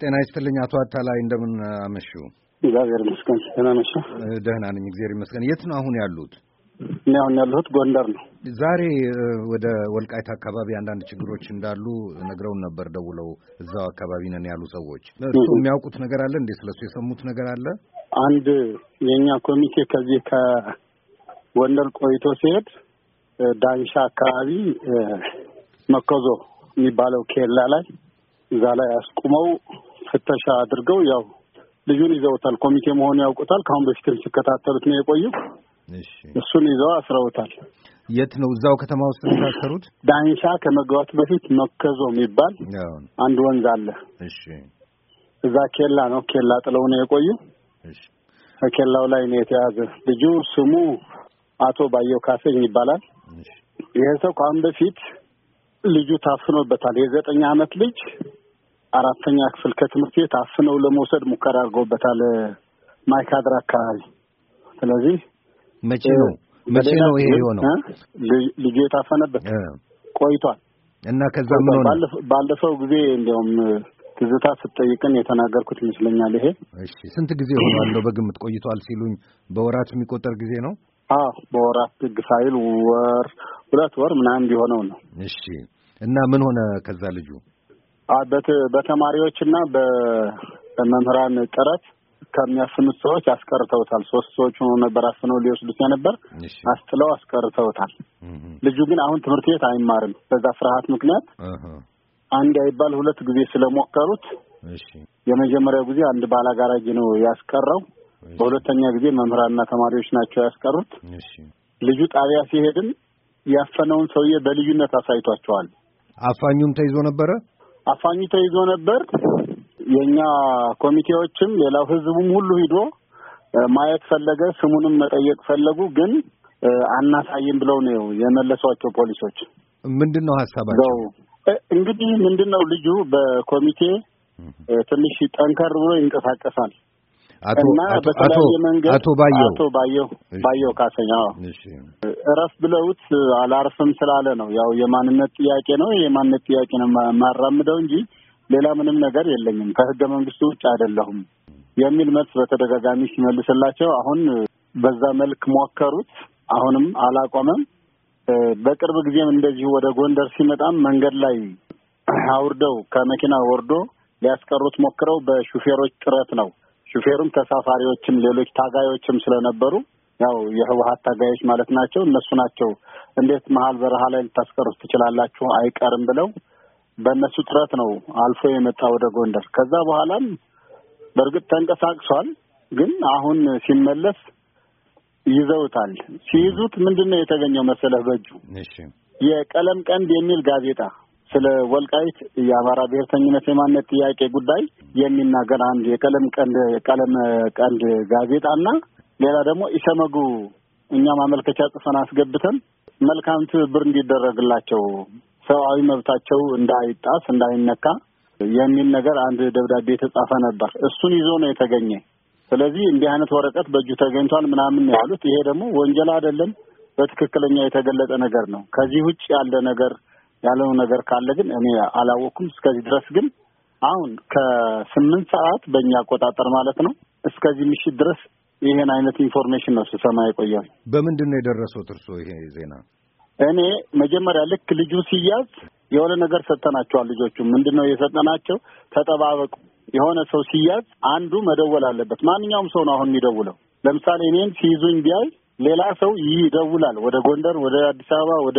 ጤና ይስጥልኝ አቶ አታላይ እንደምን አመሹ? እግዚአብሔር ይመስገን ደህና ነሽ? ደህና ነኝ እግዚአብሔር ይመስገን። የት ነው አሁን ያሉት? እኔ አሁን ያለሁት ጎንደር ነው። ዛሬ ወደ ወልቃይት አካባቢ አንዳንድ ችግሮች እንዳሉ ነግረውን ነበር ደውለው፣ እዛው አካባቢ ነን ያሉ ሰዎች። እሱ የሚያውቁት ነገር አለ እንዴ? ስለሱ የሰሙት ነገር አለ? አንድ የእኛ ኮሚቴ ከዚህ ከጎንደር ቆይቶ ሲሄድ ዳንሻ አካባቢ መከዞ የሚባለው ኬላ ላይ እዛ ላይ አስቁመው ፍተሻ አድርገው ያው ልጁን ይዘውታል። ኮሚቴ መሆኑ ያውቁታል። ከአሁን በፊትም ሲከታተሉት ነው የቆየው። እሱን ይዘው አስረውታል። የት ነው? እዛው ከተማ ውስጥ ነው የታሰሩት። ዳንሻ ከመግባቱ በፊት መከዞ የሚባል አንድ ወንዝ አለ። እዛ ኬላ ነው። ኬላ ጥለው ነው የቆዩ። ከኬላው ላይ ነው የተያዘ ልጁ። ስሙ አቶ ባየው ካሰኝ ይባላል። ይሄ ሰው ከአሁን በፊት ልጁ ታፍኖበታል። የዘጠኝ አመት ልጅ አራተኛ ክፍል ከትምህርት ቤት አፍነው ለመውሰድ ሙከራ አድርገውበታል ማይካድራ አካባቢ። ስለዚህ መቼ ነው መቼ ነው ይሄ የሆነው? ልጁ የታፈነበት ቆይቷል እና ከዛ ምን ሆነ? ባለፈው ጊዜ እንዲያውም ትዝታ ስጠይቅን የተናገርኩት ይመስለኛል። ይሄ እሺ፣ ስንት ጊዜ ሆኗል? በግምት ቆይቷል ሲሉኝ በወራት የሚቆጠር ጊዜ ነው አዎ በወራት አስደግ ሳይል ወር ሁለት ወር ምናምን ቢሆነው ነው። እሺ እና ምን ሆነ ከዛ ልጁ? በተማሪዎችና በመምህራን ጥረት ከሚያስኑት ሰዎች አስቀርተውታል። ሶስት ሰዎች ሆኖ ነበር አስነው ሊወስዱት የነበር አስጥለው አስቀርተውታል። ልጁ ግን አሁን ትምህርት ቤት አይማርም። በዛ ፍርሃት ምክንያት አንድ አይባል ሁለት ጊዜ ስለሞከሩት የመጀመሪያው ጊዜ አንድ ባላጋራጅ ነው ያስቀረው። በሁለተኛ ጊዜ መምህራንና ተማሪዎች ናቸው ያስቀሩት። ልጁ ጣቢያ ሲሄድም ያፈነውን ሰውዬ በልዩነት አሳይቷቸዋል። አፋኙም ተይዞ ነበረ። አፋኙ ተይዞ ነበር። የእኛ ኮሚቴዎችም ሌላው ህዝቡም ሁሉ ሂዶ ማየት ፈለገ። ስሙንም መጠየቅ ፈለጉ። ግን አናሳይም ብለው ነው የመለሷቸው ፖሊሶች። ምንድን ነው ሀሳባቸው? እንግዲህ ምንድን ነው ልጁ በኮሚቴ ትንሽ ጠንከር ብሎ ይንቀሳቀሳል። አቶ አቶ አቶ ባየው አቶ ባየው ባየው ካሰኛ እረፍ ብለውት አላርፍም ስላለ ነው። ያው የማንነት ጥያቄ ነው የማንነት ጥያቄ ነው ማራምደው እንጂ ሌላ ምንም ነገር የለኝም ከህገ መንግስቱ ውጭ አይደለሁም የሚል መልስ በተደጋጋሚ ሲመልስላቸው አሁን በዛ መልክ ሞከሩት። አሁንም አላቆመም። በቅርብ ጊዜም እንደዚሁ ወደ ጎንደር ሲመጣም መንገድ ላይ አውርደው ከመኪና ወርዶ ሊያስቀሩት ሞክረው በሹፌሮች ጥረት ነው ሹፌሩም ተሳፋሪዎችም ሌሎች ታጋዮችም ስለነበሩ ያው የህወሀት ታጋዮች ማለት ናቸው። እነሱ ናቸው እንዴት መሀል በረሃ ላይ ልታስቀሩት ትችላላችሁ? አይቀርም ብለው በእነሱ ጥረት ነው አልፎ የመጣ ወደ ጎንደር። ከዛ በኋላም በእርግጥ ተንቀሳቅሷል። ግን አሁን ሲመለስ ይዘውታል። ሲይዙት ምንድን ነው የተገኘው መሰለህ? በእጁ የቀለም ቀንድ የሚል ጋዜጣ ስለ ወልቃይት የአማራ ብሔርተኝነት የማንነት ጥያቄ ጉዳይ የሚናገር አንድ የቀለም ቀንድ ቀለም ቀንድ ጋዜጣ እና ሌላ ደግሞ ኢሰመጉ እኛ ማመልከቻ ጽፈን አስገብተን መልካም ትብብር እንዲደረግላቸው ሰብአዊ መብታቸው እንዳይጣስ እንዳይነካ የሚል ነገር አንድ ደብዳቤ የተጻፈ ነበር። እሱን ይዞ ነው የተገኘ። ስለዚህ እንዲህ አይነት ወረቀት በእጁ ተገኝቷል ምናምን ያሉት፣ ይሄ ደግሞ ወንጀል አይደለም፣ በትክክለኛ የተገለጠ ነገር ነው። ከዚህ ውጭ ያለ ነገር ያለው ነገር ካለ ግን እኔ አላወቅኩም። እስከዚህ ድረስ ግን አሁን ከስምንት ሰዓት በእኛ አቆጣጠር ማለት ነው እስከዚህ ምሽት ድረስ ይሄን አይነት ኢንፎርሜሽን ነው ስሰማ የቆየው። በምንድን ነው የደረሰው እርሶ ይሄ ዜና? እኔ መጀመሪያ ልክ ልጁ ሲያዝ የሆነ ነገር ሰጠናቸዋል። ልጆቹ ምንድን ነው የሰጠናቸው? ተጠባበቁ። የሆነ ሰው ሲያዝ አንዱ መደወል አለበት። ማንኛውም ሰው ነው አሁን የሚደውለው። ለምሳሌ እኔን ሲይዙኝ ቢያይ ሌላ ሰው ይደውላል። ወደ ጎንደር፣ ወደ አዲስ አበባ፣ ወደ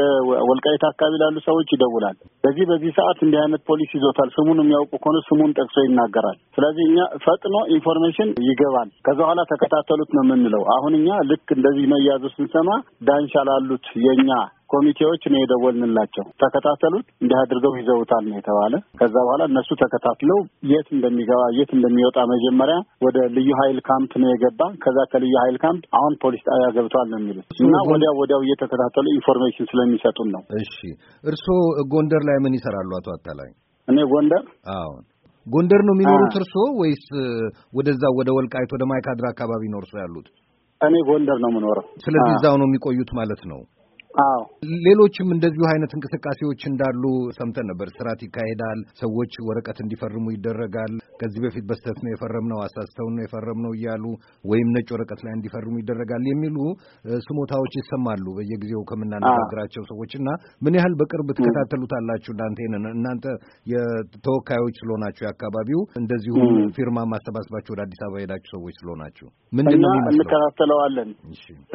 ወልቃይት አካባቢ ላሉ ሰዎች ይደውላል። በዚህ በዚህ ሰዓት እንዲህ አይነት ፖሊስ ይዞታል፣ ስሙን የሚያውቁ ከሆነ ስሙን ጠቅሶ ይናገራል። ስለዚህ እኛ ፈጥኖ ኢንፎርሜሽን ይገባል። ከዛ በኋላ ተከታተሉት ነው የምንለው። አሁን እኛ ልክ እንደዚህ መያዙ ስንሰማ ዳንሻ ላሉት የእኛ ኮሚቴዎች ነው የደወልንላቸው። ተከታተሉት እንዲህ አድርገው ይዘውታል ነው የተባለ። ከዛ በኋላ እነሱ ተከታትለው የት እንደሚገባ የት እንደሚወጣ መጀመሪያ ወደ ልዩ ኃይል ካምፕ ነው የገባ። ከዛ ከልዩ ኃይል ካምፕ አሁን ፖሊስ ጣቢያ ገብቷል ነው የሚሉት እና ወዲያው ወዲያው እየተከታተሉ ኢንፎርሜሽን ስለሚሰጡን ነው። እሺ፣ እርስዎ ጎንደር ላይ ምን ይሰራሉ አቶ አታላይ? እኔ ጎንደር አሁን ጎንደር ነው የሚኖሩት እርሶ ወይስ ወደዛ ወደ ወልቃይት ወደ ማይካድራ አካባቢ ነው እርሶ ያሉት? እኔ ጎንደር ነው የምኖረው። ስለዚህ እዛው ነው የሚቆዩት ማለት ነው? አዎ ሌሎችም እንደዚሁ አይነት እንቅስቃሴዎች እንዳሉ ሰምተን ነበር። ስርዓት ይካሄዳል፣ ሰዎች ወረቀት እንዲፈርሙ ይደረጋል። ከዚህ በፊት በስተት ነው የፈረምነው፣ አሳስተውን ነው የፈረምነው እያሉ ወይም ነጭ ወረቀት ላይ እንዲፈርሙ ይደረጋል የሚሉ ስሞታዎች ይሰማሉ በየጊዜው ከምናነጋግራቸው ሰዎች እና ምን ያህል በቅርብ ትከታተሉታላችሁ? እናንተ ይሄንን እናንተ የተወካዮች ስለሆናችሁ የአካባቢው እንደዚሁ ፊርማ ማሰባሰባችሁ ወደ አዲስ አበባ ሄዳችሁ ሰዎች ስለሆናችሁ ምንድን ነው እንከታተለዋለን።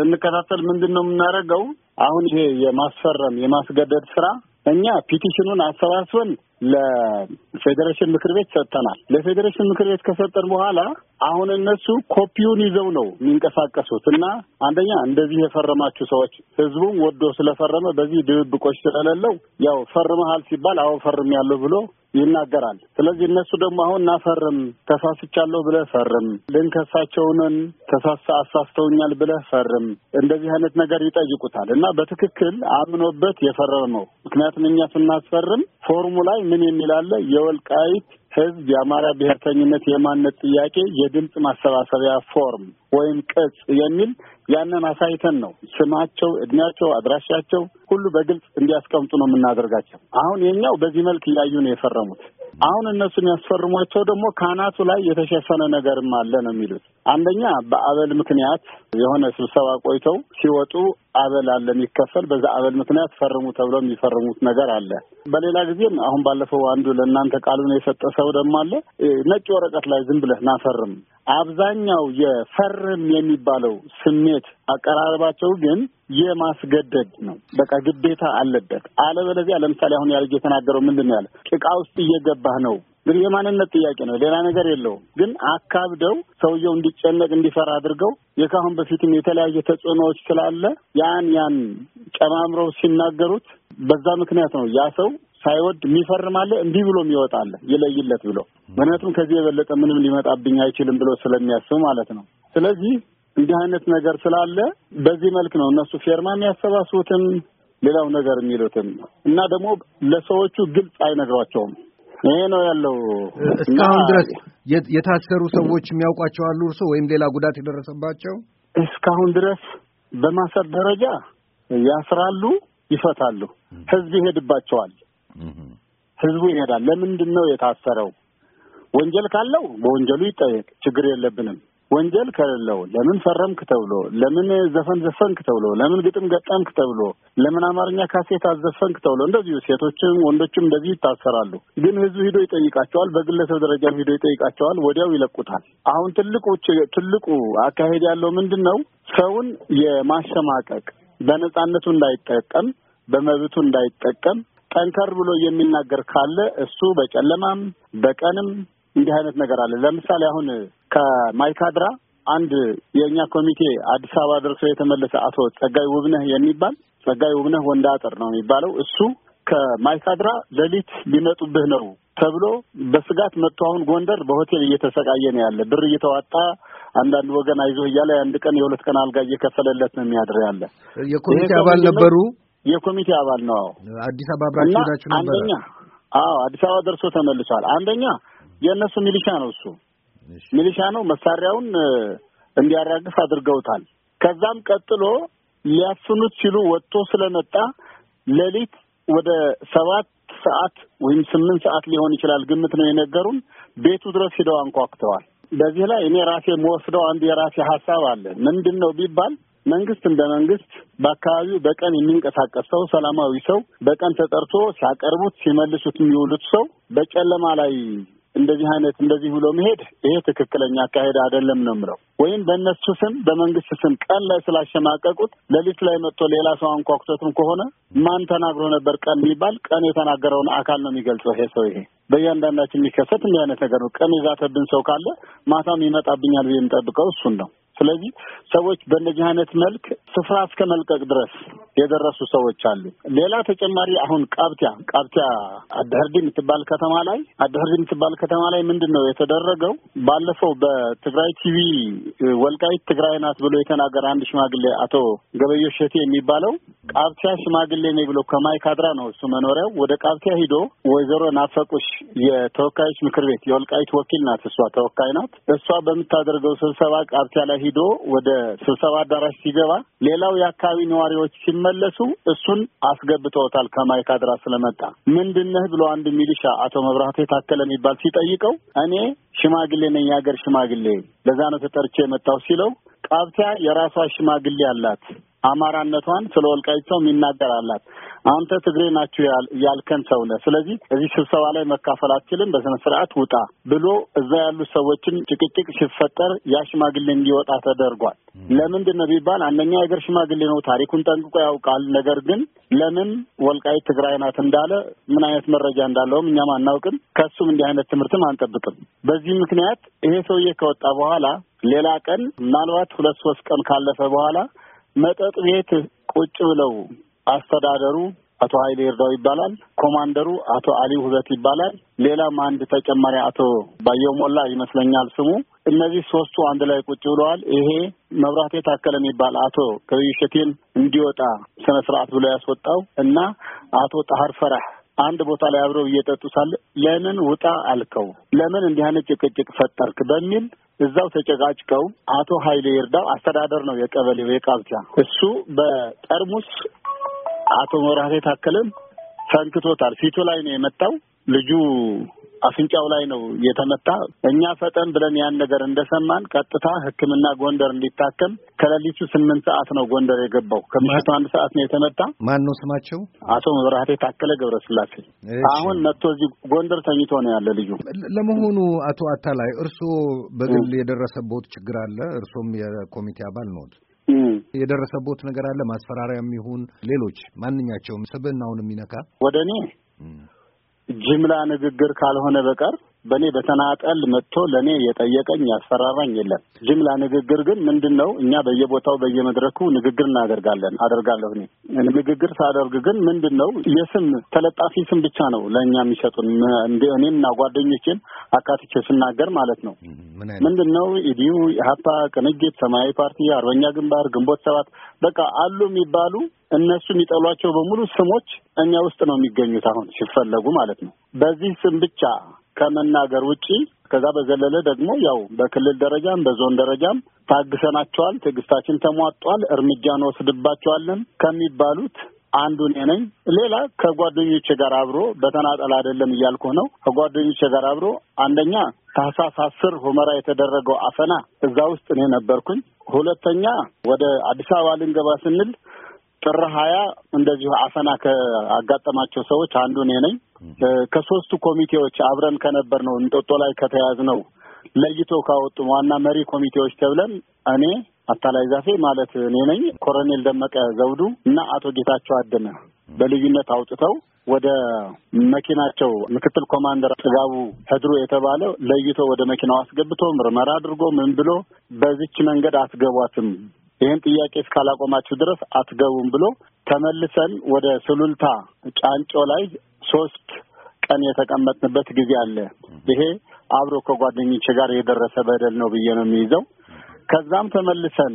ስንከታተል ምንድን ነው የምናደርገው አሁን ይሄ የማስፈረም የማስገደድ ስራ እኛ ፒቲሽኑን አሰባስበን ለፌዴሬሽን ምክር ቤት ሰጥተናል። ለፌዴሬሽን ምክር ቤት ከሰጠን በኋላ አሁን እነሱ ኮፒውን ይዘው ነው የሚንቀሳቀሱት እና አንደኛ እንደዚህ የፈረማችሁ ሰዎች ህዝቡም ወዶ ስለፈረመ በዚህ ድብብቆች ስለሌለው ያው ፈርመሃል ሲባል አሁን ፈርም ያለው ብሎ ይናገራል። ስለዚህ እነሱ ደግሞ አሁን እናፈርም ተሳስቻለሁ ብለህ ፈርም፣ ልንከሳቸውንን ተሳሳ አሳስተውኛል ብለህ ፈርም፣ እንደዚህ አይነት ነገር ይጠይቁታል እና በትክክል አምኖበት የፈረመው ምክንያቱም እኛ ስናስፈርም ፎርሙ ላይ ምን የሚል አለ የወልቃይት ህዝብ የአማራ ብሔርተኝነት የማንነት ጥያቄ የድምፅ ማሰባሰቢያ ፎርም ወይም ቅጽ የሚል ያንን አሳይተን ነው ስማቸው፣ እድሜያቸው፣ አድራሻቸው ሁሉ በግልጽ እንዲያስቀምጡ ነው የምናደርጋቸው። አሁን የኛው በዚህ መልክ እያዩ ነው የፈረሙት። አሁን እነሱ የሚያስፈርሟቸው ደግሞ ካህናቱ ላይ የተሸፈነ ነገርም አለ ነው የሚሉት። አንደኛ በአበል ምክንያት የሆነ ስብሰባ ቆይተው ሲወጡ አበል አለ የሚከፈል፣ በዛ አበል ምክንያት ፈርሙ ተብለው የሚፈርሙት ነገር አለ። በሌላ ጊዜም አሁን ባለፈው አንዱ ለእናንተ ቃሉን የሰጠ ሰው ደግሞ አለ ነጭ ወረቀት ላይ ዝም ብለህ ናፈርም። አብዛኛው የፈርም የሚባለው ስሜት አቀራረባቸው ግን የማስገደድ ነው። በቃ ግዴታ አለበት። አለበለዚያ ለምሳሌ አሁን ያልጅ የተናገረው ምንድን ነው ያለ ጭቃ ውስጥ እየገባህ ነው እንግዲህ የማንነት ጥያቄ ነው። ሌላ ነገር የለውም። ግን አካብደው ሰውየው እንዲጨነቅ እንዲፈራ አድርገው የካሁን በፊትም የተለያየ ተጽዕኖዎች ስላለ ያን ያን ጨማምረው ሲናገሩት በዛ ምክንያት ነው ያ ሰው ሳይወድ የሚፈርማለ እንዲህ ብሎ የሚወጣለ ይለይለት ብሎ ምክንያቱም ከዚህ የበለጠ ምንም ሊመጣብኝ አይችልም ብሎ ስለሚያስብ ማለት ነው። ስለዚህ እንዲህ አይነት ነገር ስላለ በዚህ መልክ ነው እነሱ ፌርማ የሚያሰባስቡትም ሌላው ነገር የሚሉትም እና ደግሞ ለሰዎቹ ግልጽ አይነግሯቸውም። ይሄ ነው ያለው። እስካሁን ድረስ የታሰሩ ሰዎች የሚያውቋቸው አሉ እርሶ ወይም ሌላ ጉዳት የደረሰባቸው? እስካሁን ድረስ በማሰር ደረጃ ያስራሉ፣ ይፈታሉ። ህዝብ ይሄድባቸዋል። ህዝቡ ይሄዳል። ለምንድን ነው የታሰረው? ወንጀል ካለው በወንጀሉ ይጠየቅ፣ ችግር የለብንም። ወንጀል ከሌለው ለምን ፈረምክ ተብሎ ለምን ዘፈን ዘፈንክ ተብሎ ለምን ግጥም ገጠምክ ተብሎ ለምን አማርኛ ካሴት አዘፈንክ ተብሎ እንደዚሁ ሴቶችም ወንዶችም እንደዚህ ይታሰራሉ። ግን ህዝብ ሂዶ ይጠይቃቸዋል፣ በግለሰብ ደረጃም ሂዶ ይጠይቃቸዋል፣ ወዲያው ይለቁታል። አሁን ትልቁ ትልቁ አካሄድ ያለው ምንድን ነው? ሰውን የማሸማቀቅ በነጻነቱ እንዳይጠቀም በመብቱ እንዳይጠቀም ጠንከር ብሎ የሚናገር ካለ እሱ በጨለማም በቀንም እንዲህ አይነት ነገር አለ። ለምሳሌ አሁን ከማይካድራ አንድ የእኛ ኮሚቴ አዲስ አበባ ደርሶ የተመለሰ አቶ ጸጋይ ውብነህ የሚባል ጸጋይ ውብነህ ወንዳ አጥር ነው የሚባለው እሱ ከማይካድራ ሌሊት ሊመጡብህ ነው ተብሎ በስጋት መጥቶ አሁን ጎንደር በሆቴል እየተሰቃየ ነው ያለ። ብር እየተዋጣ አንዳንድ ወገን አይዞህ እያለ የአንድ ቀን የሁለት ቀን አልጋ እየከፈለለት ነው የሚያድር ያለ። የኮሚቴ አባል ነበሩ። የኮሚቴ አባል ነው። አዲስ አበባ ብራችሁ ሄዳችሁ ነበር? አንደኛ፣ አዎ፣ አዲስ አበባ ደርሶ ተመልሷል። አንደኛ የእነሱ ሚሊሻ ነው። እሱ ሚሊሻ ነው። መሳሪያውን እንዲያራግፍ አድርገውታል። ከዛም ቀጥሎ ሊያፍኑት ሲሉ ወጥቶ ስለመጣ ሌሊት ወደ ሰባት ሰዓት ወይም ስምንት ሰዓት ሊሆን ይችላል ግምት ነው የነገሩን። ቤቱ ድረስ ሂደው አንኳኩተዋል። በዚህ ላይ እኔ ራሴ የምወስደው አንድ የራሴ ሀሳብ አለ። ምንድን ነው ቢባል መንግስት እንደ መንግስት በአካባቢው በቀን የሚንቀሳቀስ ሰው ሰላማዊ ሰው በቀን ተጠርቶ ሲያቀርቡት ሲመልሱት የሚውሉት ሰው በጨለማ ላይ እንደዚህ አይነት እንደዚህ ብሎ መሄድ ይሄ ትክክለኛ አካሄድ አይደለም ነው የምለው። ወይም በእነሱ ስም በመንግስት ስም ቀን ላይ ስላሸማቀቁት ሌሊት ላይ መጥቶ ሌላ ሰው አንኳኩተትም ከሆነ ማን ተናግሮ ነበር ቀን የሚባል ቀን የተናገረውን አካል ነው የሚገልጸው ይሄ ሰው። ይሄ በእያንዳንዳችን የሚከሰት እንዲህ አይነት ነገር ነው። ቀን የዛተብን ሰው ካለ ማታም ይመጣብኛል ብዬ የምጠብቀው እሱን ነው። ስለዚህ ሰዎች በእነዚህ አይነት መልክ ስፍራ እስከ መልቀቅ ድረስ የደረሱ ሰዎች አሉ። ሌላ ተጨማሪ አሁን ቃብቲያ ቃብቲያ አደህርዲ የምትባል ከተማ ላይ አደህርዲ የምትባል ከተማ ላይ ምንድን ነው የተደረገው? ባለፈው በትግራይ ቲቪ ወልቃይት ትግራይ ናት ብሎ የተናገረ አንድ ሽማግሌ አቶ ገበዮ ሸቴ የሚባለው ቃብቲያ ሽማግሌ ነኝ ብሎ ከማይካድራ ነው እሱ መኖሪያው። ወደ ቃብቲያ ሂዶ ወይዘሮ ናፈቁሽ የተወካዮች ምክር ቤት የወልቃይት ወኪል ናት፣ እሷ ተወካይ ናት። እሷ በምታደርገው ስብሰባ ቃብቲያ ላይ ሂዶ ወደ ስብሰባ አዳራሽ ሲገባ ሌላው የአካባቢ ነዋሪዎች ሲመለሱ እሱን አስገብተውታል። ከማይካድራ ስለመጣ ምንድነህ ብሎ አንድ ሚሊሻ አቶ መብራቴ የታከለ የሚባል ሲጠይቀው እኔ ሽማግሌ ነኝ፣ የሀገር ሽማግሌ ለዛ ነው ተጠርቼ የመጣው ሲለው ቃብቲያ የራሷ ሽማግሌ አላት አማራነቷን ስለ ሰው የሚናገር አላት። አንተ ትግሬ ናችሁ ያልከን ሰው ነህ። ስለዚህ እዚህ ስብሰባ ላይ መካፈል አትችልም፣ በስነ ስርዓት ውጣ ብሎ እዛ ያሉ ሰዎችን ጭቅጭቅ ሲፈጠር ያ ሽማግሌ እንዲወጣ ተደርጓል። ለምንድን ነው ቢባል አንደኛ የሀገር ሽማግሌ ነው፣ ታሪኩን ጠንቅቆ ያውቃል። ነገር ግን ለምን ወልቃይት ትግራይ ናት እንዳለ ምን አይነት መረጃ እንዳለውም እኛም አናውቅም፣ ከሱም እንዲህ አይነት ትምህርትም አንጠብቅም። በዚህ ምክንያት ይሄ ሰውዬ ከወጣ በኋላ ሌላ ቀን ምናልባት ሁለት ሶስት ቀን ካለፈ በኋላ መጠጥ ቤት ቁጭ ብለው አስተዳደሩ አቶ ኃይሌ እርዳው ይባላል። ኮማንደሩ አቶ አሊ ውበት ይባላል። ሌላም አንድ ተጨማሪ አቶ ባየው ሞላ ይመስለኛል ስሙ። እነዚህ ሶስቱ አንድ ላይ ቁጭ ብለዋል። ይሄ መብራት የታከለ የሚባል አቶ ከብዩ እንዲወጣ ስነ ስርዓት ብሎ ያስወጣው እና አቶ ጣህር ፈራህ አንድ ቦታ ላይ አብረው እየጠጡ ሳለ ለምን ውጣ አልከው? ለምን እንዲህ አይነት ጭቅጭቅ ፈጠርክ? በሚል እዛው ተጨቃጭቀው አቶ ኃይሌ ይርዳው አስተዳደር ነው የቀበሌው የቃብቻ እሱ በጠርሙስ አቶ መራሴ ታከለን ፈንክቶታል። ፊቱ ላይ ነው የመጣው ልጁ አፍንጫው ላይ ነው የተመታ። እኛ ፈጠን ብለን ያን ነገር እንደሰማን ቀጥታ ሕክምና ጎንደር እንዲታከም ከሌሊቱ ስምንት ሰዓት ነው ጎንደር የገባው። ከምሽቱ አንድ ሰዓት ነው የተመታ። ማን ነው ስማቸው? አቶ መብራህቴ ታከለ ገብረስላሴ። አሁን መጥቶ እዚህ ጎንደር ተኝቶ ነው ያለ ልዩ። ለመሆኑ አቶ አታላይ እርስዎ በግል የደረሰቦት ችግር አለ? እርሶም የኮሚቴ አባል ኖት። የደረሰቦት ነገር አለ? ማስፈራሪያም ይሁን ሌሎች ማንኛቸውም ስብዕናውን የሚነካ ወደ እኔ ጅምላ ንግግር ካልሆነ በቀር በእኔ በተናጠል መጥቶ ለእኔ የጠየቀኝ ያስፈራራኝ የለም። ጅምላ ንግግር ግን ምንድን ነው? እኛ በየቦታው በየመድረኩ ንግግር እናደርጋለን አደርጋለሁ። እኔ ንግግር ሳደርግ ግን ምንድን ነው የስም ተለጣፊ ስም ብቻ ነው ለእኛ የሚሰጡን። እኔና ጓደኞችን አካትቼ ስናገር ማለት ነው ምንድን ነው ኢዲዩ፣ ኢህአፓ፣ ቅንጅት፣ ሰማያዊ ፓርቲ፣ አርበኛ ግንባር፣ ግንቦት ሰባት በቃ አሉ የሚባሉ እነሱ የሚጠሏቸው በሙሉ ስሞች እኛ ውስጥ ነው የሚገኙት አሁን ሲፈለጉ ማለት ነው። በዚህ ስም ብቻ ከመናገር ውጪ ከዛ በዘለለ ደግሞ ያው በክልል ደረጃም በዞን ደረጃም ታግሰናቸዋል፣ ትዕግስታችን ተሟጧል፣ እርምጃ እንወስድባቸዋለን ከሚባሉት አንዱ እኔ ነኝ። ሌላ ከጓደኞቼ ጋር አብሮ በተናጠል አይደለም እያልኩ ነው። ከጓደኞቼ ጋር አብሮ አንደኛ ታህሳስ አስር ሁመራ የተደረገው አፈና እዛ ውስጥ እኔ ነበርኩኝ። ሁለተኛ ወደ አዲስ አበባ ልንገባ ስንል ጥር ሀያ እንደዚሁ አፈና ከአጋጠማቸው ሰዎች አንዱ እኔ ነኝ። ከሶስቱ ኮሚቴዎች አብረን ከነበር ነው እንጦጦ ላይ ከተያዝ ነው ለይቶ ካወጡ ዋና መሪ ኮሚቴዎች ተብለን እኔ አታላይ ዛፌ ማለት እኔ ነኝ፣ ኮሎኔል ደመቀ ዘውዱ እና አቶ ጌታቸው አደመ በልዩነት አውጥተው ወደ መኪናቸው ምክትል ኮማንደር ጥጋቡ ህድሩ የተባለ ለይቶ ወደ መኪናው አስገብቶ ምርመራ አድርጎ ምን ብሎ በዚች መንገድ አትገቧትም ይህን ጥያቄ እስካላቆማችሁ ድረስ አትገቡም ብሎ ተመልሰን ወደ ሱሉልታ ጫንጮ ላይ ሶስት ቀን የተቀመጥንበት ጊዜ አለ። ይሄ አብሮ ከጓደኞች ጋር የደረሰ በደል ነው ብዬ ነው የሚይዘው። ከዛም ተመልሰን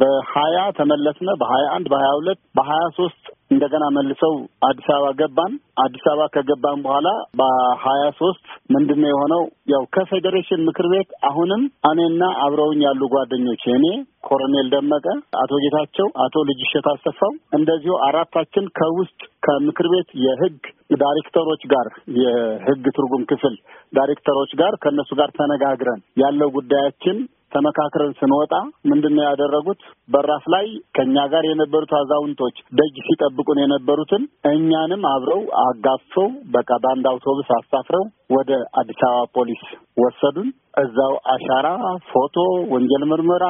በሀያ ተመለስነ። በሀያ አንድ በሀያ ሁለት በሀያ ሶስት እንደገና መልሰው አዲስ አበባ ገባን። አዲስ አበባ ከገባን በኋላ በሀያ ሶስት ምንድን ነው የሆነው? ያው ከፌዴሬሽን ምክር ቤት አሁንም እኔና አብረውኝ ያሉ ጓደኞች እኔ ኮሎኔል ደመቀ፣ አቶ ጌታቸው፣ አቶ ልጅሸት አሰፋው እንደዚሁ አራታችን ከውስጥ ከምክር ቤት የህግ ዳይሬክተሮች ጋር የህግ ትርጉም ክፍል ዳይሬክተሮች ጋር ከእነሱ ጋር ተነጋግረን ያለው ጉዳያችን ተመካክረን ስንወጣ ምንድን ነው ያደረጉት? በራፍ ላይ ከእኛ ጋር የነበሩት አዛውንቶች ደጅ ሲጠብቁን የነበሩትን እኛንም አብረው አጋፈው በቃ በአንድ አውቶቡስ አሳፍረው ወደ አዲስ አበባ ፖሊስ ወሰዱን። እዛው አሻራ፣ ፎቶ፣ ወንጀል ምርመራ፣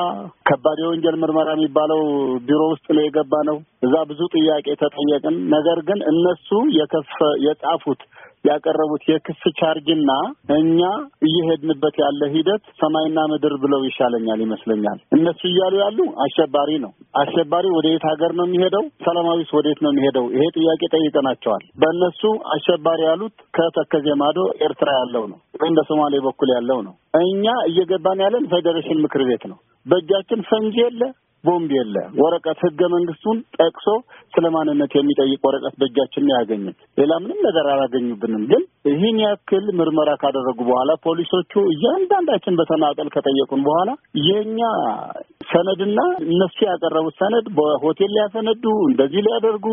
ከባድ የወንጀል ምርመራ የሚባለው ቢሮ ውስጥ ነው የገባ ነው። እዛ ብዙ ጥያቄ ተጠየቅን። ነገር ግን እነሱ የከፈ የጻፉት ያቀረቡት የክስ ቻርጅና እኛ እየሄድንበት ያለ ሂደት ሰማይና ምድር ብለው ይሻለኛል ይመስለኛል። እነሱ እያሉ ያሉ አሸባሪ ነው። አሸባሪ ወደየት ሀገር ነው የሚሄደው? ሰላማዊስ ወደየት ነው የሚሄደው? ይሄ ጥያቄ ጠይቀናቸዋል። በእነሱ አሸባሪ ያሉት ከተከዜ ማዶ ኤርትራ ያለው ነው ወይም በሶማሌ በኩል ያለው ነው። እኛ እየገባን ያለን ፌዴሬሽን ምክር ቤት ነው። በእጃችን ፈንጂ የለ ቦምብ የለ ወረቀት ህገ መንግስቱን ጠቅሶ ስለ ማንነት የሚጠይቅ ወረቀት በእጃችን ያገኙት ሌላ ምንም ነገር አላገኙብንም። ግን ይህን ያክል ምርመራ ካደረጉ በኋላ ፖሊሶቹ እያንዳንዳችን በተናጠል ከጠየቁን በኋላ የእኛ ሰነድና እነሱ ያቀረቡት ሰነድ በሆቴል ሊያሰነዱ እንደዚህ ሊያደርጉ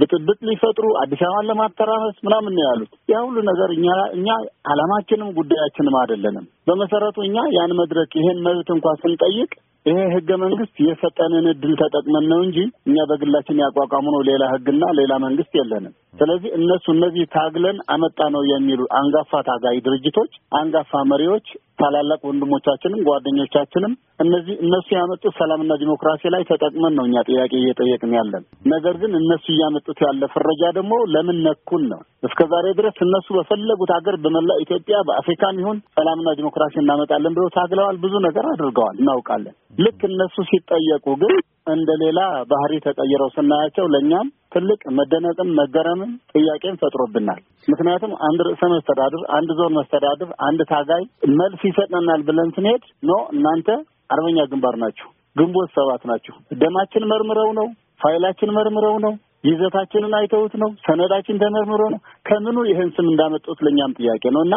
ብጥብጥ ሊፈጥሩ አዲስ አበባን ለማተራመስ ምናምን ነው ያሉት። ያ ሁሉ ነገር እኛ እኛ አላማችንም ጉዳያችንም አይደለንም። በመሰረቱ እኛ ያን መድረክ ይሄን መብት እንኳን ስንጠይቅ ይሄ ህገ መንግስት የሰጠንን እድል ተጠቅመን ነው እንጂ እኛ በግላችን ያቋቋሙ ነው ሌላ ህግና ሌላ መንግስት የለንም። ስለዚህ እነሱ እነዚህ ታግለን አመጣ ነው የሚሉ አንጋፋ ታጋይ ድርጅቶች፣ አንጋፋ መሪዎች፣ ታላላቅ ወንድሞቻችንም ጓደኞቻችንም እነዚህ እነሱ ያመጡት ሰላምና ዲሞክራሲ ላይ ተጠቅመን ነው እኛ ጥያቄ እየጠየቅን ያለን። ነገር ግን እነሱ እያመጡት ያለ ፍረጃ ደግሞ ለምን ነኩን ነው። እስከ ዛሬ ድረስ እነሱ በፈለጉት ሀገር በመላ ኢትዮጵያ በአፍሪካም ይሁን ሰላምና ዲሞክራሲ እናመጣለን ብለው ታግለዋል። ብዙ ነገር አድርገዋል፣ እናውቃለን። ልክ እነሱ ሲጠየቁ ግን እንደ ሌላ ባህሪ ተቀይረው ስናያቸው ለእኛም ትልቅ መደነቅን መገረምን ጥያቄን ፈጥሮብናል። ምክንያቱም አንድ ርዕሰ መስተዳድር፣ አንድ ዞን መስተዳድር፣ አንድ ታጋይ መልስ ይሰጠናል ብለን ስንሄድ ኖ እናንተ አርበኛ ግንባር ናችሁ፣ ግንቦት ሰባት ናችሁ፣ ደማችን መርምረው ነው፣ ፋይላችን መርምረው ነው፣ ይዘታችንን አይተውት ነው፣ ሰነዳችን ተመርምሮ ነው። ከምኑ ይህን ስም እንዳመጡት ለእኛም ጥያቄ ነው እና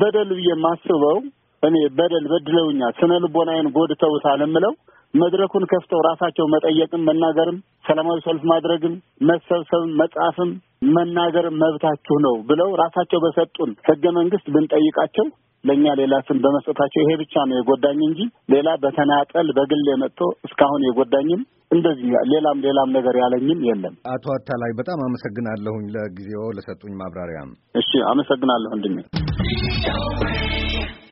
በደል ብዬ የማስበው እኔ በደል በድለውኛ ስነ ልቦናዬን ጎድተውታል የምለው መድረኩን ከፍተው ራሳቸው መጠየቅም መናገርም ሰላማዊ ሰልፍ ማድረግም መሰብሰብም መጻፍም መናገር መብታችሁ ነው ብለው ራሳቸው በሰጡን ህገ መንግስት ብንጠይቃቸው ለእኛ ሌላ ስም በመስጠታቸው ይሄ ብቻ ነው የጎዳኝ እንጂ ሌላ በተናጠል በግል መጥቶ እስካሁን የጎዳኝም እንደዚህ ሌላም ሌላም ነገር ያለኝም የለም። አቶ አታላይ በጣም አመሰግናለሁኝ ለጊዜው ለሰጡኝ ማብራሪያም። እሺ አመሰግናለሁ ወንድሜ።